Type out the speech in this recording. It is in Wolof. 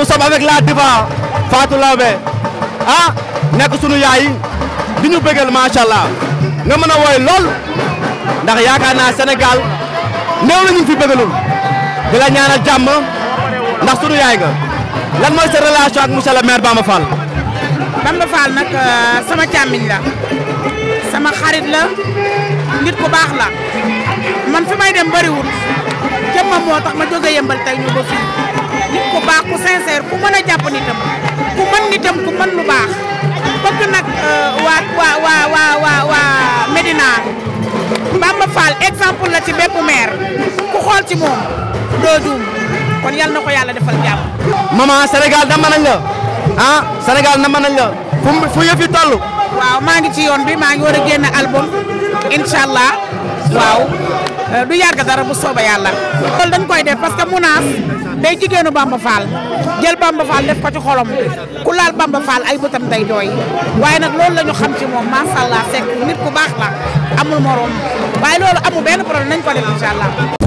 nous laa avec la diva Fatou Laobé ah sunu yaay di ñu bëggal macha allah nga mën a woy lool ndax yaakaar naa senegal néew la ñu fi bëggalul di la ñaanal ndax sunu yaay nga lan mooy sa relation ak monsieur le maire Bamba Fall. Bamba Fall nag euh, sama càmmiñ la sama xarit la nit ku baax la man fi may dem bariwul jëmmam moo tax ma jóge yëmbal tey ñu ba nit ku baax ku sincère ku mën a jàpp nitam ku mën nitam ku mën lu baax bëgg nag euh, waa waa waa waa waa waa Médina Bamba Fall la ci bépp maire ku xool ci moom doo kon yal na ko yàlla defal jàmm. maman Sénégal dama nañ la ah na dama nañ la fu mu fu waaw maa ngi ci yoon bi maa ngi war a génn album allah waaw. Euh, du yàgg dara bu sooba yàlla loolu dañ koy def parce que munaas day jigéenu Bamba Fall jël Bamba Fall def ko ci xolom ku laal Bamba Fall ay bëtam day dooy waaye nag loolu la ñu xam ci moom macha allah sekk nit ku baax la amul morom waaye loolu amul benn problème nañ ko def incha allah